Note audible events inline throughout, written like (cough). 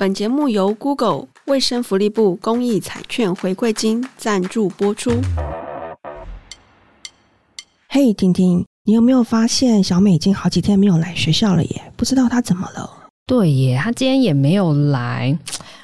本節目由 Google 衛生福利部公益彩券回饋金贊助播出。嘿，婷婷，你有沒有發現小美已經好幾天沒有來學校了耶？不知道她怎麼了。對耶，她今天也沒有來。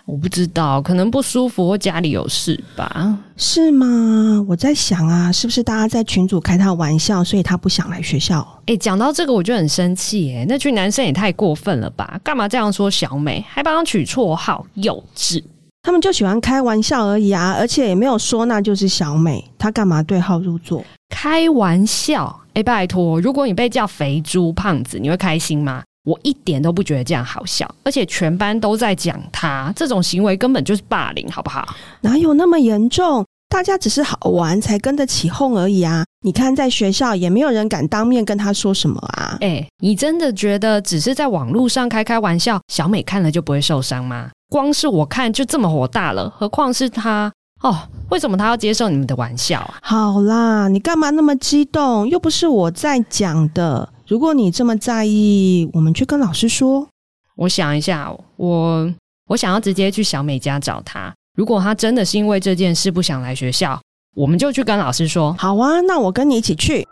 我不知道，可能不舒服或家裡有事吧？是嗎？我在想啊，是不是大家在群組開他玩笑，所以他不想來學校？欸，講到這個我就很生氣！誒，那群男生也太過分了吧？幹嘛這樣說小美？還幫他取綽號，幼稚！他們就喜歡開玩笑而已啊，而且也沒有說那就是小美，他幹嘛對號入座？開玩笑！欸，拜托，如果你被叫肥豬、胖子，你會開心嗎？我一點都不覺得這樣好笑，而且全班都在講他，這種行為根本就是霸凌，好不好？哪有那麼嚴重？大家只是好玩才跟着起哄而已啊！你看，在學校也沒有人敢當面跟他說什麼啊！誒、欸，你真的覺得只是在網絡上開開玩笑，小美看了就不會受傷嗎？光是我看就這麼火大了，何況是他哦？為什麼他要接受你們的玩笑？好啦，你幹嘛那麼激動？又不是我在講的。如果你這麼在意，我們去跟老師說。我想一下，我我想要直接去小美家找她。如果她真的是因為這件事不想來學校，我們就去跟老師說。好啊，那我跟你一起去。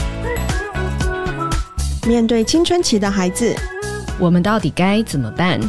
(music) 面對青春期的孩子，我們到底該怎麼辦？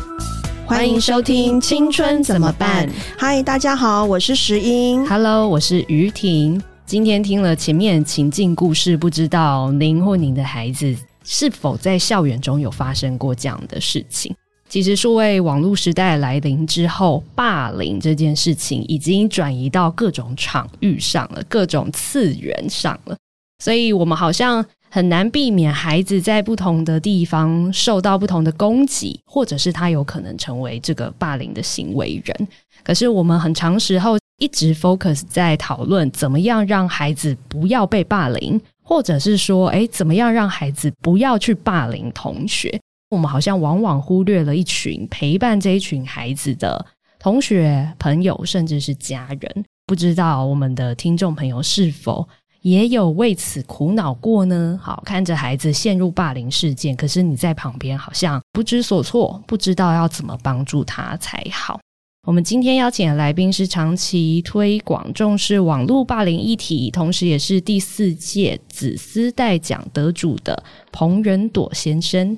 歡迎收聽《青春怎麼辦》。嗨 (music) ，Hi, 大家好，我是石英。Hello，我是於婷。今天聽了前面情境故事，不知道您或您的孩子是否在校園中有發生過這樣的事情？其實，數位網絡時代來臨之後，霸凌這件事情已經轉移到各種場域上了，各種次元上了，所以我們好像很難避免孩子在不同的地方受到不同的攻擊，或者是他有可能成為這個霸凌的行為人。可是，我們很長時候，一直 focus 在討論怎麼樣讓孩子不要被霸凌，或者是說，欸，怎麼樣讓孩子不要去霸凌同學？我們好像往往忽略了一群陪伴這一群孩子的同學、朋友，甚至是家人。不知道我們的聽眾朋友是否也有為此苦惱過呢？好，看着孩子陷入霸凌事件，可是你在旁邊好像不知所措，不知道要怎麼幫助他才好。我們今天邀請的來賓是長期推廣重視網絡霸凌議題，同時也是第四屆紫絲帶獎得主的彭仁鐸先生。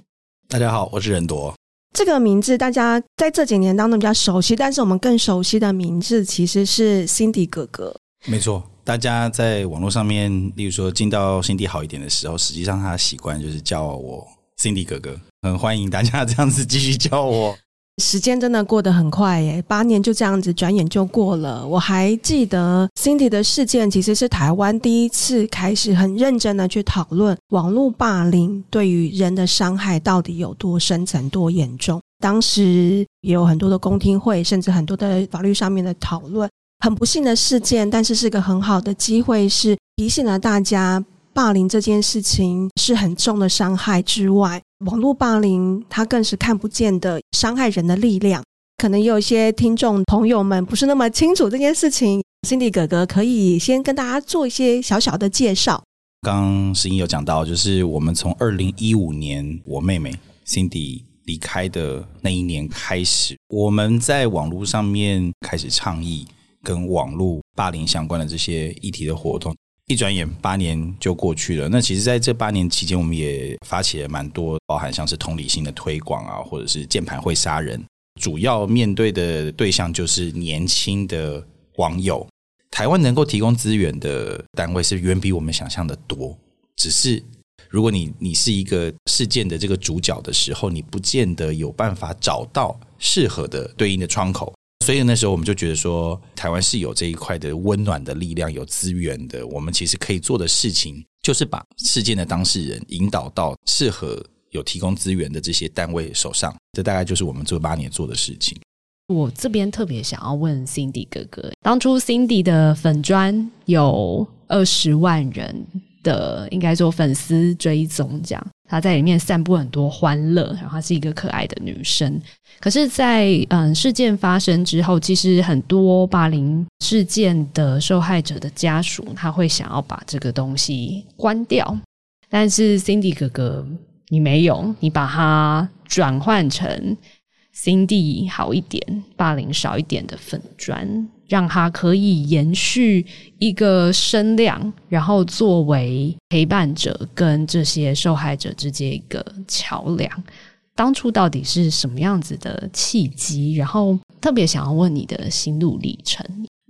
大家好，我是仁鐸。這個名字大家在這幾年當中比較熟悉，但是我們更熟悉的名字其實是 Cindy 哥哥。沒錯，大家在網絡上面，例如說進到 Cindy 好一點的時候，實際上他的習慣就是叫我 Cindy 哥哥。很歡迎大家這樣子繼續叫我。時間真的過得很快耶，八年就這樣子轉眼就過了。我還記得 Cindy 的事件，其實是台灣第一次開始很認真的去討論網絡霸凌對於人的傷害到底有多深層、多嚴重。當時也有很多的公聽會，甚至很多的法律上面的討論。很不幸的事件，但是是個很好的機會，是提醒了大家，霸凌這件事情是很重的傷害之外。網絡霸凌，它更是看不見的傷害人的力量。可能有一些聽眾朋友們不是那麼清楚這件事情，Cindy 哥哥可以先跟大家做一些小小的介紹。剛剛石英有講到，就是我們從二零一五年我妹妹 Cindy 離開的那一年開始，我們在網絡上面開始倡議跟網絡霸凌相關的這些議題的活動。一轉眼八年就過去了。那其實，在這八年期間，我們也發起了蠻多，包含像是同理心的推廣啊，或者是鍵盤會殺人，主要面對的對象就是年輕的網友。台灣能夠提供資源的單位是遠比我們想象的多。只是，如果你你是一個事件的這個主角的時候，你不見得有辦法找到適合的對應的窗口，所以那時候我們就覺得說，台灣是有這一塊的溫暖的力量，有資源的。我們其實可以做的事情，就是把事件的當事人引導到適合有提供資源的這些單位手上。這大概就是我們這八年做的事情。我這邊特別想要問 Cindy 哥哥，當初 Cindy 的粉專有二十萬人的，應該說粉絲追蹤這樣。她在裡面散布很多歡樂，然後她是一個可愛的女生。可是在，在嗯事件發生之後，其實很多霸凌事件的受害者的家屬，他會想要把這個東西關掉。但是 Cindy 哥哥，你沒有，你把它轉換成心地好一點，霸凌少一點的粉專。讓他可以延續一個聲量，然後作為陪伴者跟這些受害者之間一個橋梁。當初到底是什麼樣子的契機？然後特別想要問你的心路歷程。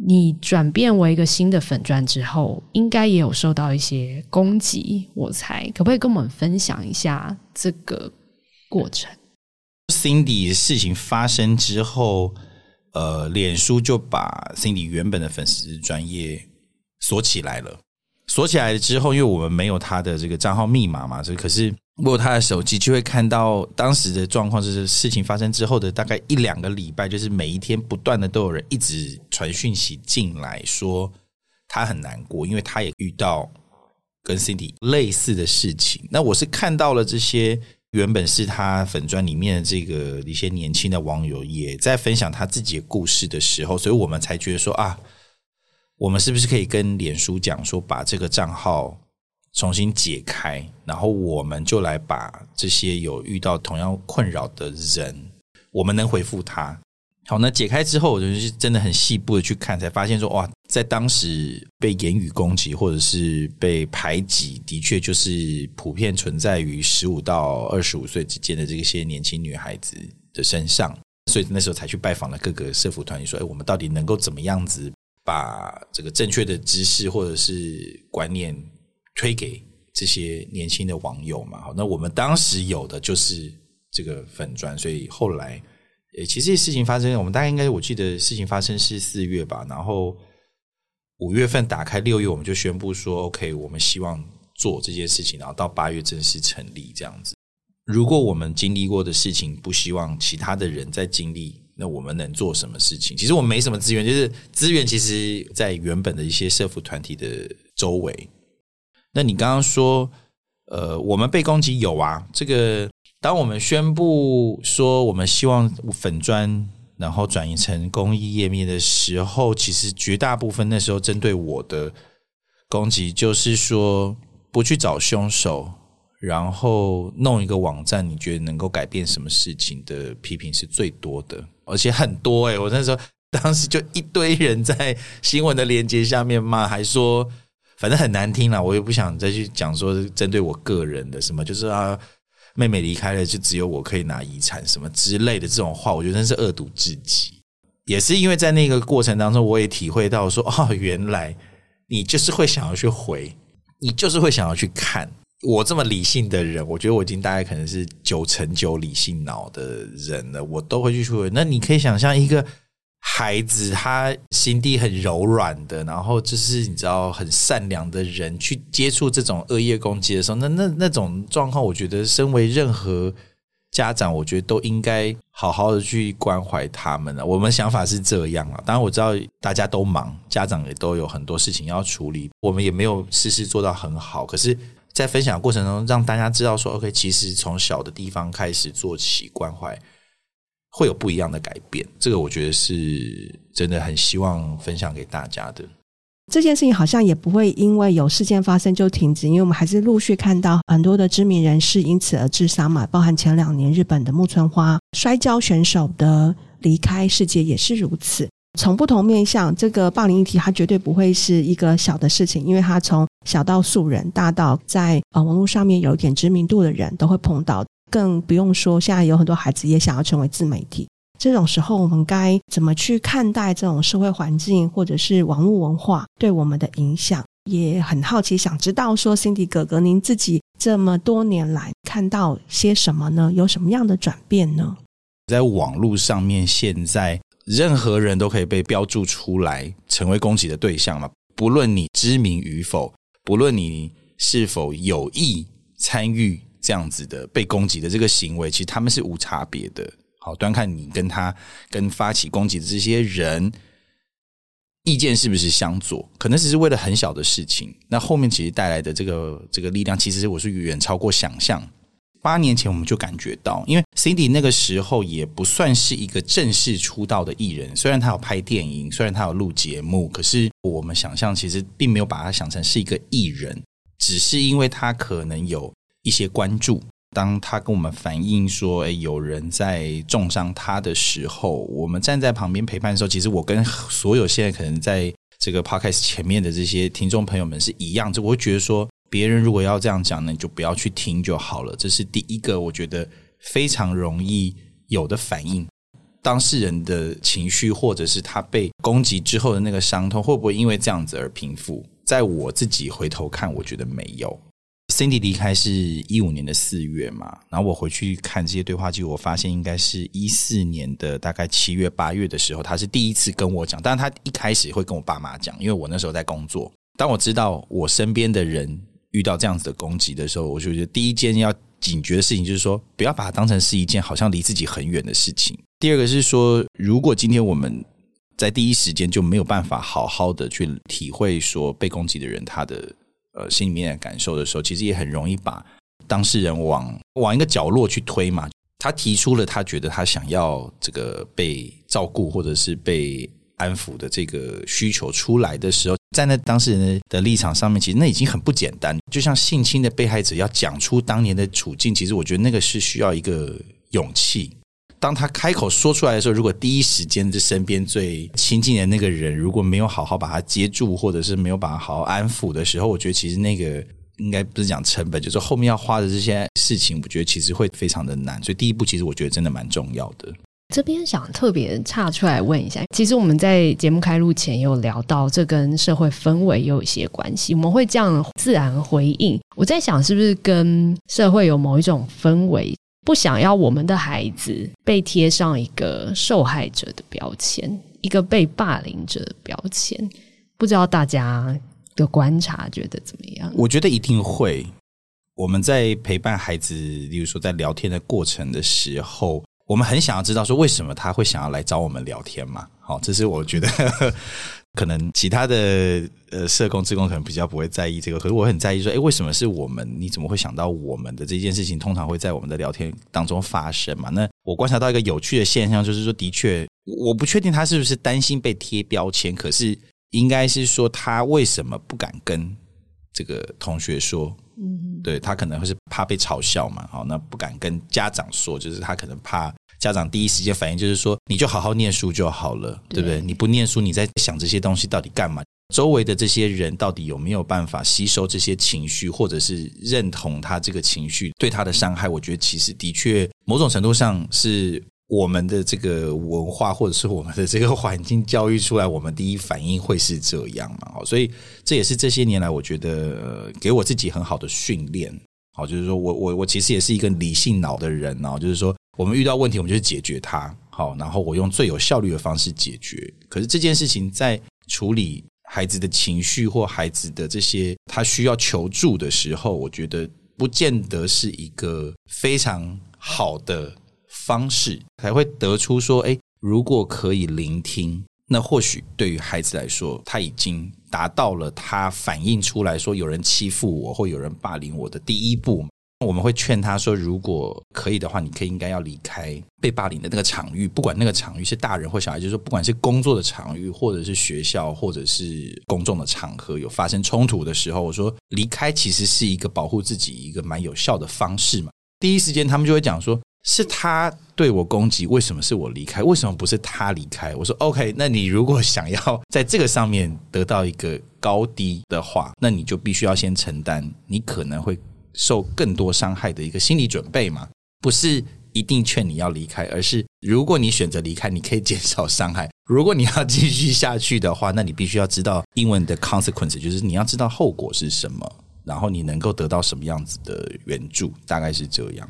你轉變為一個新的粉鑽之後，應該也有受到一些攻擊，我猜，可不可以跟我們分享一下這個過程？Cindy 的事情發生之後。呃，臉書就把 Cindy 原本的粉絲專頁鎖起來了。鎖起來之後，因為我們沒有他的這個賬號密碼嘛，所以可是，我他的手機就會看到當時的狀況，就是事情發生之後的大概一兩個禮拜，就是每一天不斷的都有人一直傳訊息進來，說他很難過，因為他也遇到跟 Cindy 類似的事情。那我是看到了這些。原本是他粉專裡面的這個一些年輕的網友也在分享他自己的故事的時候，所以我們才覺得說啊，我們是不是可以跟臉書講說，把這個賬號重新解開，然後我們就來把這些有遇到同樣困擾的人，我們能回復他。好，那解開之後，我就是真的很細部的去看，才發現說哇。在當時被言語攻擊或者是被排擠，的確就是普遍存在於十五到二十五歲之間的這些年輕女孩子的身上，所以那時候才去拜訪了各個社服團體，說：“誒，我們到底能夠怎麼樣子把這個正確的知識或者是觀念推給這些年輕的網友嘛？”好，那我們當時有的就是這個粉專，所以後來，誒，其實事情發生，我們大概應該我記得事情發生是四月吧，然後。五月份打開，六月我們就宣布說，OK，我們希望做這件事情，然後到八月正式成立這樣子。如果我們經歷過的事情不希望其他的人再經歷，那我們能做什麼事情？其實我們沒什麼資源，就是資源其實，在原本的一些社福團體的周圍。那你剛剛說，呃，我們被攻擊有啊？這個，當我們宣布說我們希望粉專。然後轉移成公益頁面的時候，其實絕大部分那時候針對我的攻擊，就是說不去找兇手，然後弄一個網站，你覺得能夠改變什麼事情的批評是最多的，而且很多誒，欸，我那時候當時就一堆人在新聞的連結下面罵，還說反正很難聽啦，我也不想再去講說針對我個人的什麼，就是啊。妹妹離開了，就只有我可以拿遺產什麼之類的這種話，我覺得真是惡毒至極。也是因為在那個過程當中，我也體會到說，哦，原來你就是會想要去回，你就是會想要去看。我這麼理性的人，我覺得我已經大概可能是九成九理性腦的人了，我都會去去回。那你可以想象一個。孩子他心地很柔軟的，然後就是你知道很善良的人去接觸這種惡意攻擊的時候，那那那種狀況，我覺得身為任何家長，我覺得都應該好好的去關懷他們了。我們想法是這樣啊，當然我知道大家都忙，家長也都有很多事情要處理，我們也沒有事事做到很好。可是，在分享的過程中，讓大家知道說，OK，其實從小的地方開始做起關懷。會有不一樣的改變，這個我覺得是真的很希望分享給大家的。這件事情好像也不會因為有事件發生就停止，因為我們還是陸續看到很多的知名人士因此而自殺嘛，包含前兩年日本的木村花摔跤選手的離開世界也是如此。從不同面向，這個霸凌議題它絕對不會是一個小的事情，因為它從小到素人，大到在呃網絡上面有一點知名度的人都會碰到。更不用說，現在有很多孩子也想要成為自媒體。這種時候，我們該怎麼去看待這種社會環境，或者是網絡文化對我們的影響？也很好奇，想知道說辛迪哥哥，您自己這麼多年來看到些什麼呢？有什麼樣的轉變呢？在網絡上面，現在任何人都可以被標註出來成為攻擊的對象了，不論你知名與否，不論你是否有意參與。這樣子的被攻擊的這個行為，其實他們是無差別的。好，端看你跟他跟發起攻擊的這些人意見是不是相左，可能只是為了很小的事情。那後面其實帶來的這個這個力量，其實我是遠超過想象。八年前我們就感覺到，因為 Cindy 那個時候也不算是一個正式出道的藝人，雖然他有拍電影，雖然他有錄節目，可是我們想象其實並沒有把他想成是一個藝人，只是因為他可能有。一些關注，當他跟我們反映說：“哎，有人在重傷他的時候，我們站在旁邊陪伴的時候，其實我跟所有現在可能在這個 podcast 前面的這些聽眾朋友們是一樣，就我會覺得說，別人如果要這樣講呢，你就不要去聽就好了。這是第一個，我覺得非常容易有的反應。當事人的情緒，或者是他被攻擊之後的那個傷痛，會不會因為這樣子而平復？在我自己回頭看，我覺得沒有。” Cindy 離開是一五年的四月嘛，然後我回去看這些對話記錄，我發現應該是一四年的大概七月八月的時候，他是第一次跟我講。但他一開始會跟我爸媽講，因為我那時候在工作。當我知道我身邊的人遇到這樣子的攻擊的時候，我就覺得第一件要警覺的事情就是說，不要把它當成是一件好像離自己很遠的事情。第二個是說，如果今天我們在第一時間就沒有辦法好好的去體會說被攻擊的人他的。呃，心裡面的感受的時候，其實也很容易把當事人往往一個角落去推嘛。他提出了他覺得他想要這個被照顧或者是被安撫的這個需求出來的時候，站在當事人的立場上面，其實那已經很不簡單。就像性侵的被害者要講出當年的處境，其實我覺得那個是需要一個勇氣。當他開口說出來的時候，如果第一時間是身邊最親近的那個人，如果沒有好好把他接住，或者是沒有把他好好安撫的時候，我覺得其實那個應該不是講成本，就是後面要花的這些事情，我覺得其實會非常的難。所以第一步，其實我覺得真的蠻重要的。這邊想特別岔出來問一下，其實我們在節目開錄前也有聊到，這跟社會氛圍有一些關係。我們會這樣自然回應，我在想是不是跟社會有某一種氛圍。不想要我們的孩子被貼上一個受害者的標籤，一個被霸凌者的標籤。不知道大家的觀察覺得怎麼樣？我覺得一定會。我們在陪伴孩子，例如說在聊天的過程的時候，我們很想要知道說為什麼他會想要來找我們聊天嘛。好，這是我覺得呵呵。可能其他的呃社工、志工，可能比較不會在意這個，可是我很在意說，哎、欸，為什麼是我們？你怎麼會想到我們的這件事情？通常會在我們的聊天當中發生嘛？那我觀察到一個有趣的現象，就是說，的確，我不確定他是不是擔心被貼標籤，可是應該是說，他為什麼不敢跟這個同學說？嗯哼，對他可能會是怕被嘲笑嘛？好，那不敢跟家長說，就是他可能怕。家長第一時間反應就是說：“你就好好念書就好了，對不對？你不念書，你在想這些東西到底幹嘛？周圍的這些人到底有沒有辦法吸收這些情緒，或者是認同他這個情緒對他的傷害？我覺得其實的確，某種程度上是我們的這個文化，或者是我們的這個環境教育出來，我們第一反應會是這樣嘛？哦，所以這也是這些年來，我覺得呃，給我自己很好的訓練。好，就是說我我我其實也是一個理性腦的人呢，就是說。我們遇到問題，我們就解決它，好，然後我用最有效率的方式解決。可是這件事情在處理孩子的情緒或孩子的這些他需要求助的時候，我覺得不見得是一個非常好的方式，才會得出說，誒，如果可以聆聽，那或許對於孩子來說，他已經達到了他反映出來說有人欺負我或有人霸凌我的第一步。我們會勸他說：“如果可以的話，你可以應該要離開被霸凌的那個場域，不管那個場域是大人或小孩，就是說，不管是工作的場域，或者是學校，或者是公眾的場合，有發生衝突的時候，我說離開其實是一個保護自己一個蠻有效的方式嘛。第一時間他們就會講說：‘是他對我攻擊，為什麼是我離開？為什麼不是他離開？’我說：‘OK，那你如果想要在這個上面得到一個高低的話，那你就必須要先承擔，你可能會。’受更多傷害的一個心理準備嘛，不是一定勸你要離開，而是如果你選擇離開，你可以減少傷害；如果你要繼續下去的話，那你必須要知道英文的 consequence，就是你要知道後果是什麼，然後你能夠得到什麼樣子的援助，大概是這樣。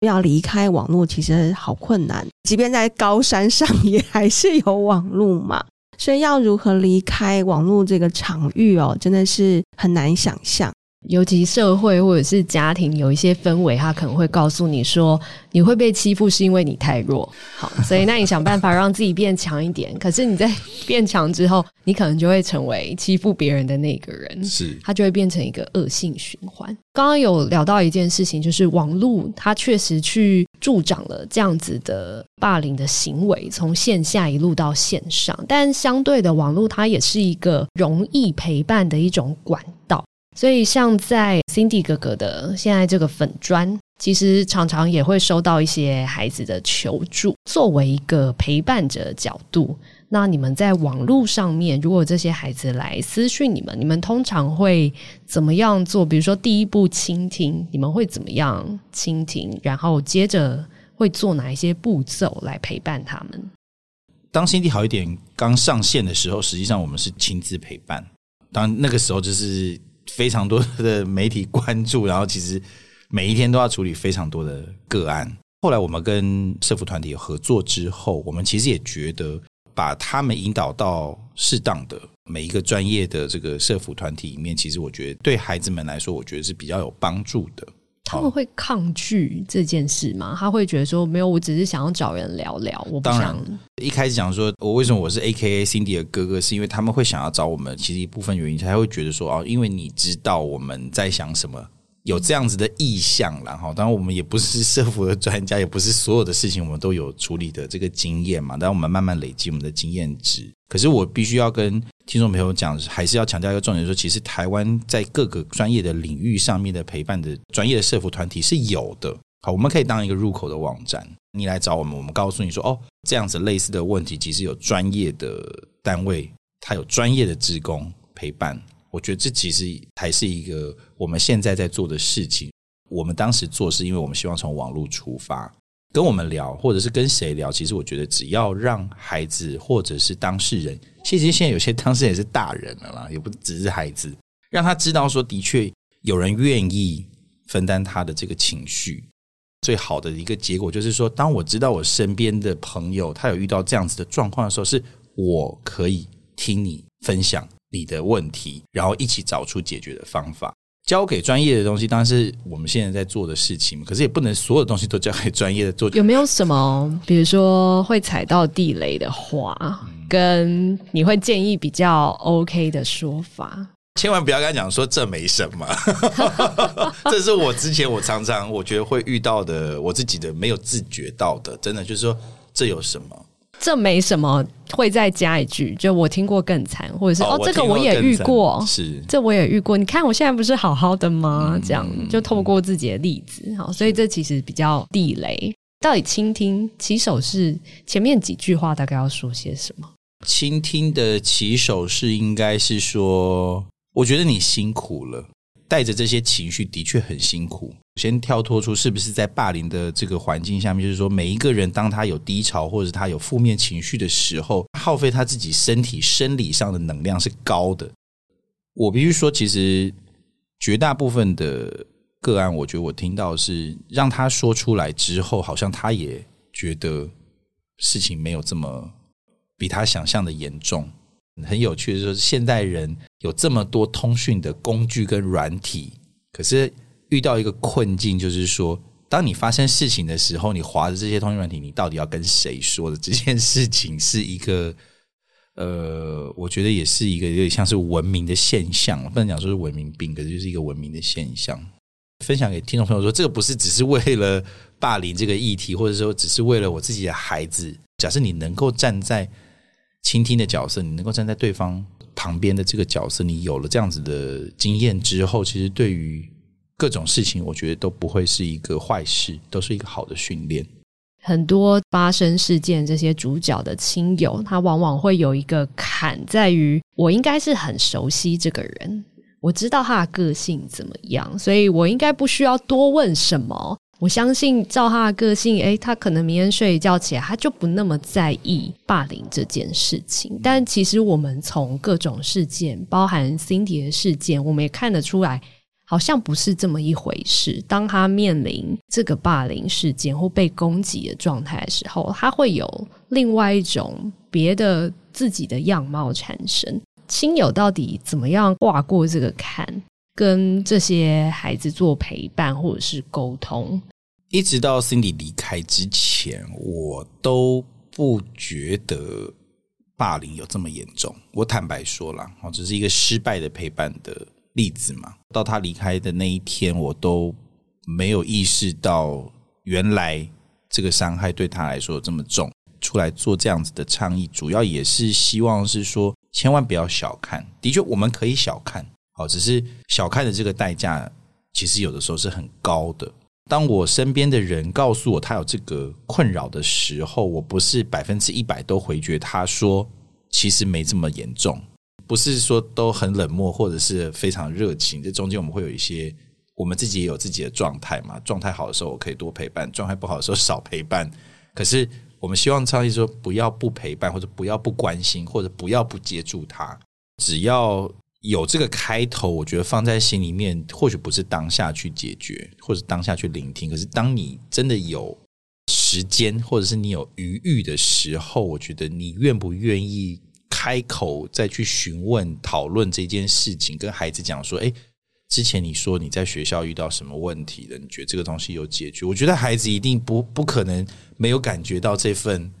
要離開網絡其實好困難，即便在高山上也還是有網絡嘛，所以要如何離開網絡這個場域哦，真的是很難想象。尤其社會或者是家庭有一些氛圍，他可能會告訴你說，你會被欺負是因為你太弱。好，所以那你想辦法讓自己變強一點。 (laughs) 可是你在變強之後，你可能就會成為欺負別人的那個人，是，他就會變成一個惡性循環。剛剛有聊到一件事情，就是網絡它確實去助長了這樣子的霸凌的行為，從線下一路到線上。但相對的，網絡它也是一個容易陪伴的一種管道。所以，像在心地哥哥的現在這個粉專，其實常常也會收到一些孩子的求助。作為一個陪伴者的角度，那你們在網絡上面，如果這些孩子來私訊你們，你們通常會怎麼樣做？比如說第一步傾聽，你們會怎麼樣傾聽？然後接着會做哪一些步驟來陪伴他們？當心地好一點剛上線的時候，實際上我們是親自陪伴。當那個時候就是，非常多的媒體關注，然後其實每一天都要處理非常多的個案。後來我們跟社福團體合作之後，我們其實也覺得把他們引導到適當的每一個專業的這個社福團體裡面，其實我覺得對孩子們來說，我覺得是比較有幫助的。他們會抗拒這件事嗎？哦、他會覺得說，沒有，我只是想要找人聊聊。然我不想一開始講說我為什麼我是 A K A Cindy 的哥哥，是因為他們會想要找我們。其實一部分原因，他會覺得說，哦，因為你知道我們在想什麼，有這樣子的意向。然、哦、後，當然我們也不是社福的專家，也不是所有的事情我們都有處理的這個經驗嘛。但我們慢慢累積我們的經驗值。可是我必須要跟。聽眾朋友講，還是要強調一個重點說，說其實台灣在各個專業的領域上面的陪伴的專業的社服團體是有的。好，我們可以當一個入口的網站，你來找我們，我們告訴你說，哦，這樣子類似的問題，其實有專業的單位，它有專業的職工陪伴。我覺得這其實還是一個我們現在在做的事情。我們當時做的是因為我們希望從網絡出發。跟我們聊，或者是跟誰聊，其實我覺得，只要讓孩子或者是當事人，其實現在有些當事人也是大人了啦，也不只是孩子，讓他知道說，的確有人願意分擔他的這個情緒。最好的一個結果就是說，當我知道我身邊的朋友他有遇到這樣子的狀況的時候，是我可以聽你分享你的問題，然後一起找出解決的方法。交給專業的東西當然是我們現在在做的事情，可是也不能所有的東西都交給專業的做。有沒有什麼，比如說會踩到地雷的話，嗯、跟你會建議比較 OK 的說法？千萬不要跟他講說這沒什麼， (laughs) (laughs) 這是我之前我常常我覺得會遇到的，我自己的沒有自覺到的，真的就是說這有什麼？這沒什麼，會再加一句，就我聽過更慘，或者是哦，哦這個我也遇過，是這我也遇過。你看我現在不是好好的嗎？嗯、這樣就透過自己的例子，嗯、好，所以這其實比較地雷。嗯、到底傾聽起手式前面幾句話大概要說些什麼？傾聽的起手式應該是說，我覺得你辛苦了。帶着這些情緒的確很辛苦。先跳脫出是不是在霸凌的這個環境下面，就是說，每一個人當他有低潮或者是他有負面情緒的時候，耗費他自己身體生理上的能量是高的。我必須說，其實絕大部分的個案，我覺得我聽到是讓他說出來之後，好像他也覺得事情沒有這麼比他想象的嚴重。很有趣的是，現代人有這麼多通訊的工具跟軟體，可是遇到一個困境，就是說，當你發生事情的時候，你滑着這些通訊軟體，你到底要跟誰說的？這件事情是一個，呃，我覺得也是一個有點像是文明的現象，不能講說是文明病，可是就是一個文明的現象。分享給聽眾朋友說，這個不是只是為了霸凌這個議題，或者說只是為了我自己的孩子。假設你能夠站在。傾聽的角色，你能夠站在對方旁邊的這個角色，你有了這樣子的經驗之後，其實對於各種事情，我覺得都不會是一個壞事，都是一個好的訓練。很多發生事件，這些主角的親友，他往往會有一個坎，在於我應該是很熟悉這個人，我知道他的個性怎麼樣，所以我應該不需要多問什麼。我相信照他的個性，誒、欸、他可能明天睡一覺起來，他就不那麼在意霸凌這件事情。但其實我們從各種事件，包含 Cindy 的事件，我們也看得出來，好像不是這麼一回事。當他面臨這個霸凌事件或被攻擊的狀態的時候，他會有另外一種別的自己的樣貌產生。親友到底怎麼樣跨過這個坎？跟這些孩子做陪伴或者是溝通，一直到 Cindy 離開之前，我都不覺得霸凌有這麼嚴重。我坦白說了，我只是一個失敗的陪伴的例子嘛。到他離開的那一天，我都沒有意識到原來這個傷害對他來說這麼重。出來做這樣子的倡議，主要也是希望是說，千萬不要小看。的確，我們可以小看。好，只是小看的這個代價，其實有的時候是很高的。當我身邊的人告訴我他有這個困擾的時候，我不是百分之一百都回絕，他說其實沒這麼嚴重，不是說都很冷漠，或者是非常熱情。這中間我們會有一些，我們自己也有自己的狀態嘛。狀態好的時候，我可以多陪伴；狀態不好的時候，少陪伴。可是我們希望倡議說，不要不陪伴，或者不要不關心，或者不要不接住他，只要。有這個開頭，我覺得放在心裡面，或許不是當下去解決，或者當下去聆聽。可是，當你真的有時間，或者是你有餘裕的時候，我覺得你願不願意開口再去詢問、討論這件事情，跟孩子講說：“哎、欸，之前你說你在學校遇到什麼問題了，你覺得這個東西有解決？”我覺得孩子一定不不可能沒有感覺到這份。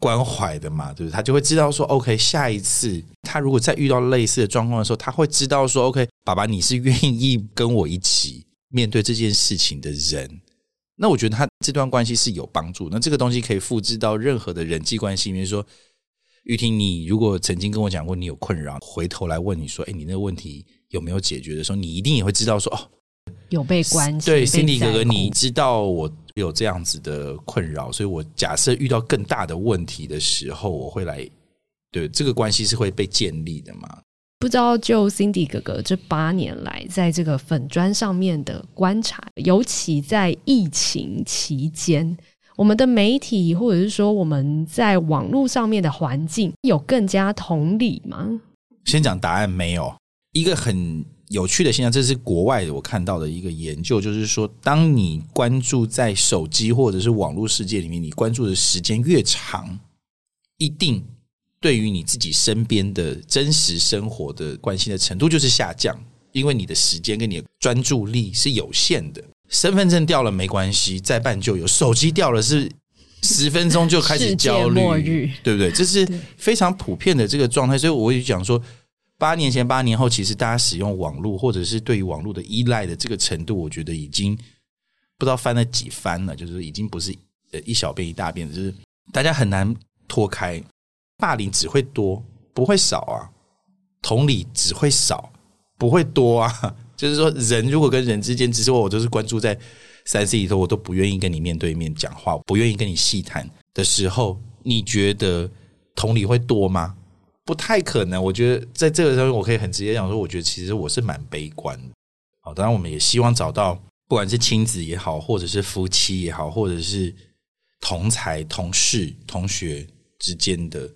關懷的嘛，對不對？他就會知道說，OK，下一次他如果再遇到類似的狀況的時候，他會知道說，OK，爸爸，你是願意跟我一起面對這件事情的人。那我覺得他這段關係是有幫助。那這個東西可以複制到任何的人際關係裡面，比如說玉婷，你如果曾經跟我講過你有困擾，回頭來問你說，哎，你那個問題有沒有解決的時候，你一定也會知道說，哦，有被關心。對，心迪哥哥，你知道我。有這樣子的困擾，所以我假設遇到更大的問題的時候，我會來。對，這個關係是會被建立的嘛？不知道就 Cindy 哥哥這八年來在這個粉專上面的觀察，尤其在疫情期間，我們的媒體或者是說我們在網絡上面的環境有更加同理嗎？先講答案，沒有一個很。有趣的現象，這是國外的我看到的一個研究，就是說，當你關注在手機或者是網絡世界裡面，你關注的時間越長，一定對於你自己身邊的真實生活的關心的程度就是下降，因為你的時間跟你的專注力是有限的。身份證掉了沒關係，再辦就有；手機掉了是十分鐘就開始焦慮，對不對？這是非常普遍的這個狀態，對 所以我也講說。八年前、八年後，其實大家使用網絡，或者是對於網絡的依賴的這個程度，我覺得已經不知道翻了幾番了。就是已經不是一小變一大變，就是大家很難脫開。霸凌只會多，不會少啊。同理只會少，不會多啊。就是說，人如果跟人之間，只是我就是關注在三 C 裡頭，我都不願意跟你面對面講話，我不願意跟你細談的時候，你覺得同理會多嗎？不太可能，我覺得在這個時候，我可以很直接講說，我覺得其實我是蠻悲觀的。好，當然我們也希望找到，不管是親子也好，或者是夫妻也好，或者是同才、同事、同學之間的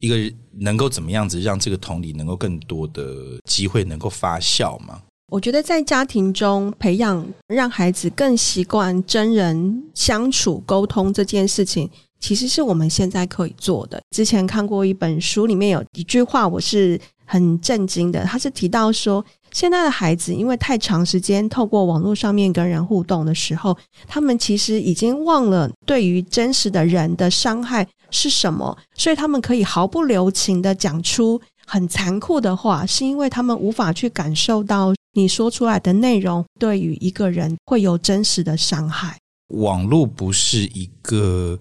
一個能夠怎麼樣子，讓這個同理能夠更多的機會能夠發酵嘛？我覺得在家庭中培養讓孩子更習慣真人相處、溝通這件事情。其實是我們現在可以做的。之前看過一本書，裡面有一句話，我是很震驚的。他是提到說，現在的孩子因為太長時間透過網絡上面跟人互動的時候，他們其實已經忘了對於真實的人的傷害是什麼，所以他們可以毫不留情地講出很殘酷的話，是因為他們無法去感受到你說出來的內容對於一個人會有真實的傷害。網絡不是一個，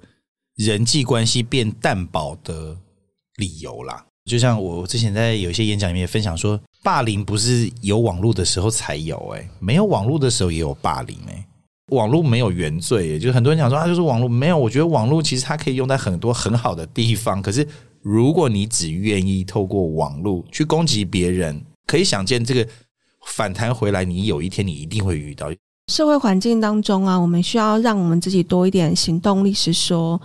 人際關係變淡薄的理由啦，就像我之前在有些演講裡面也分享說，霸凌不是有網絡的時候才有，哎，沒有網絡的時候也有霸凌，哎，網絡沒有原罪，哎，就是很多人想說它，就是網絡沒有，我覺得網絡其實它可以用在很多很好的地方，可是如果你只願意透過網絡去攻擊別人，可以想見這個反彈回來，你有一天你一定會遇到社會環境當中啊，我們需要讓我們自己多一點行動力，是說。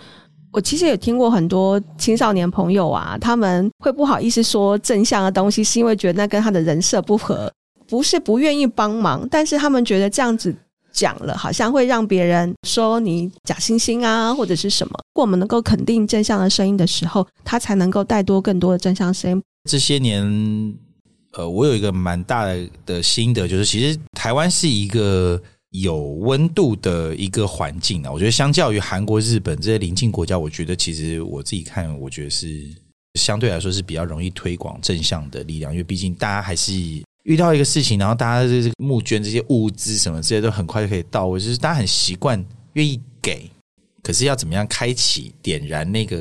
我其實也聽過很多青少年朋友啊，他們會不好意思說正向的東西，是因為覺得那跟他的人設不合，不是不願意幫忙，但是他們覺得這樣子講了，好像會讓別人說你假惺惺啊，或者是什麼。如果我們能夠肯定正向的聲音的時候，他才能夠帶多更多的正向聲音。這些年，呃，我有一個蠻大的心得，就是其實台灣是一個，有溫度的一個環境啊，我覺得相較於韓國、日本這些鄰近國家，我覺得其實我自己看，我覺得是相對來說是比較容易推廣正向的力量，因為畢竟大家還是遇到一個事情，然後大家就是募捐這些物資什麼之類都很快就可以到位，就是大家很習慣願意給，可是要怎麼樣開啟點燃那個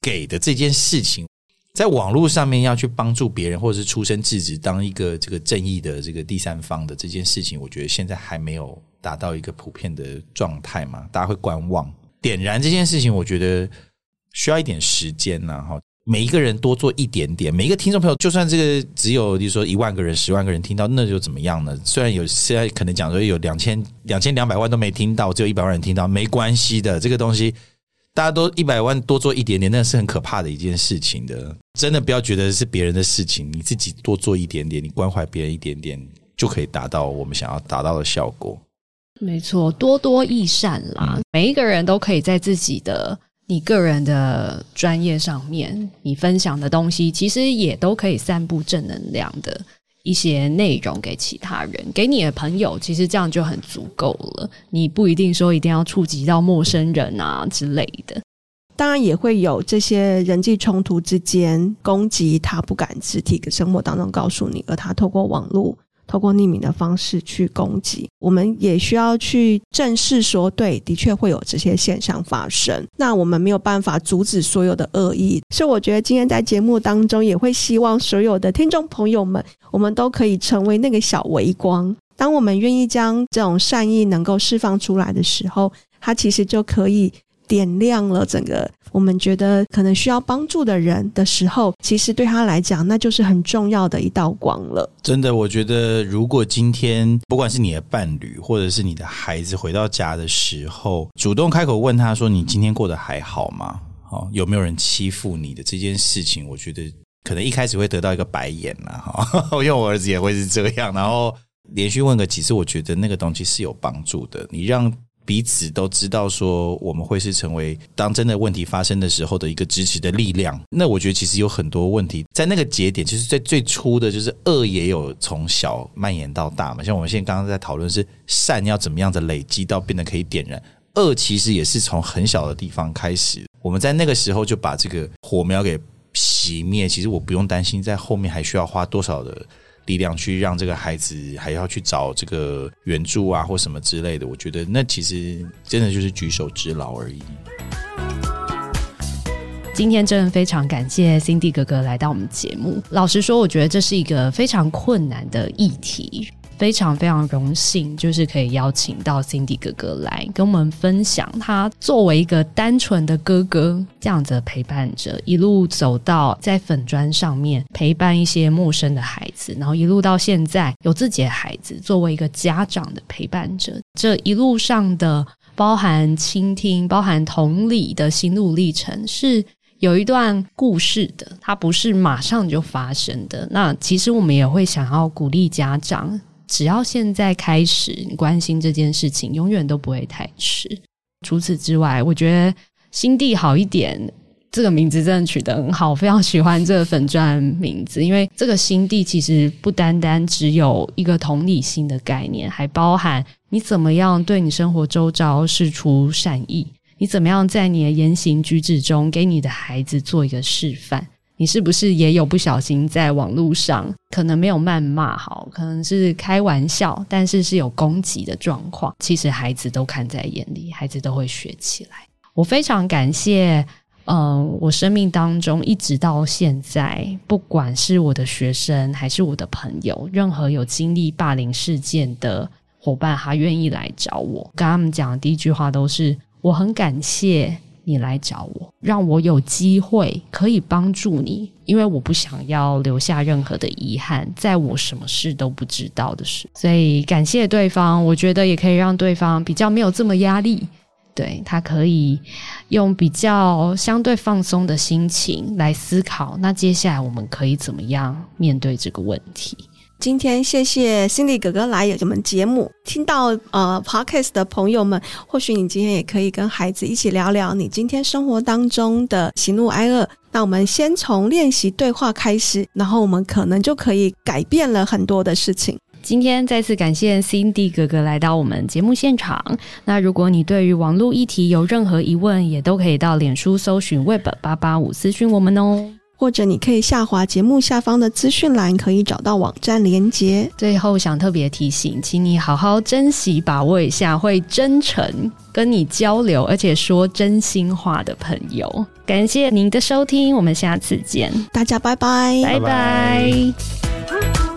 給的這件事情？在網絡上面要去幫助別人，或者是出聲制止，當一個這個正義的這個第三方的這件事情，我覺得現在還沒有達到一個普遍的狀態嘛，大家會觀望。點燃這件事情，我覺得需要一點時間吶。哈，每一個人多做一點點，每一個聽眾朋友，就算這個只有比如說一萬個人、十萬個人聽到，那就怎麼樣呢？雖然有現在可能講說有兩千、兩千兩百萬都沒聽到，只有一百萬人聽到，沒關係的，這個東西。大家都一百萬多做一點點，那是很可怕的一件事情的。真的不要覺得是別人的事情，你自己多做一點點，你關懷別人一點點，就可以達到我們想要達到的效果。沒錯，多多益善啦。嗯。每一個人都可以在自己的你個人的專業上面，你分享的東西，其實也都可以散布正能量的。一些內容給其他人，給你的朋友，其實這樣就很足夠了。你不一定說一定要觸及到陌生人啊之類的，當然也會有這些人際衝突之間攻擊他不敢直體的生活當中告訴你，而他透過網絡。透過匿名的方式去攻擊，我們也需要去正視說，對，的確會有這些現象發生。那我們沒有辦法阻止所有的惡意，所以我覺得今天在節目當中，也會希望所有的聽眾朋友們，我們都可以成為那個小微光。當我們願意將這種善意能夠釋放出來的時候，它其實就可以。點亮了整個，我們覺得可能需要幫助的人的時候，其實對他來講那就是很重要的一道光了。真的，我覺得如果今天不管是你的伴侶或者是你的孩子回到家的時候，主動開口問他說：“你今天過得還好嗎？好，有沒有人欺負你的這件事情？”我覺得可能一開始會得到一個白眼了哈。因為我兒子也會是這樣，然後連續問個幾次，我覺得那個東西是有幫助的。你讓。彼此都知道，說我們會是成為當真的問題發生的時候的一個支持的力量。那我覺得其實有很多問題，在那個節點，就是在最初的，就是惡也有從小蔓延到大嘛。像我們現在剛剛在討論是善要怎麼樣子累積到變得可以點燃，惡其實也是從很小的地方開始。我們在那個時候就把這個火苗給熄滅，其實我不用擔心在後面還需要花多少的。力量去讓這個孩子還要去找這個援助啊，或什麼之類的，我覺得那其實真的就是舉手之勞而已。今天真的非常感謝 Cindy 哥哥來到我們節目。老實說，我覺得這是一個非常困難的議題。非常非常榮幸，就是可以邀請到 Cindy 哥哥來跟我們分享，他作為一個單純的哥哥，這樣子陪伴着一路走到在粉專上面陪伴一些陌生的孩子，然後一路到現在有自己的孩子，作為一個家長的陪伴者，這一路上的包含傾聽、包含同理的心路歷程，是有一段故事的，它不是馬上就發生的。那其實我們也會想要鼓勵家長。只要現在開始關心這件事情，永遠都不會太遲。除此之外，我覺得“心地好一點”這個名字真的取得很好，我非常喜歡這個粉專名字，因為這個“心地”其實不單單只有一個同理心的概念，還包含你怎麼樣對你生活周遭釋出善意，你怎麼樣在你的言行舉止中給你的孩子做一個示範。你是不是也有不小心在網絡上可能沒有謾罵，好，可能是開玩笑，但是是有攻擊的狀況？其實孩子都看在眼裡，孩子都會學起來。我非常感謝，嗯、呃，我生命當中一直到現在，不管是我的學生還是我的朋友，任何有經歷霸凌事件的夥伴，他願意來找我，跟他們講的第一句話都是：我很感謝。你來找我，讓我有機會可以幫助你，因為我不想要留下任何的遺憾，在我什麼事都不知道的時候。所以感謝對方，我覺得也可以讓對方比較沒有這麼壓力，對他可以用比較相對放鬆的心情來思考，那接下來我們可以怎麼樣面對這個問題？今天謝謝心地哥哥來我們節目，聽到呃 Podcast 的朋友們，或許你今天也可以跟孩子一起聊聊你今天生活當中的喜怒哀樂。那我們先從練習對話開始，然後我們可能就可以改變了很多的事情。今天再次感謝心地哥哥來到我們節目現場。那如果你對於網絡議題有任何疑問，也都可以到臉書搜尋 Web 八八五私訊我們哦。或者你可以下滑節目下方的資訊欄，可以找到網站連接。最後想特別提醒，請你好好珍惜、把握一下會真誠跟你交流，而且說真心話的朋友。感謝您的收聽，我們下次見，大家拜拜，拜拜 bye。Bye bye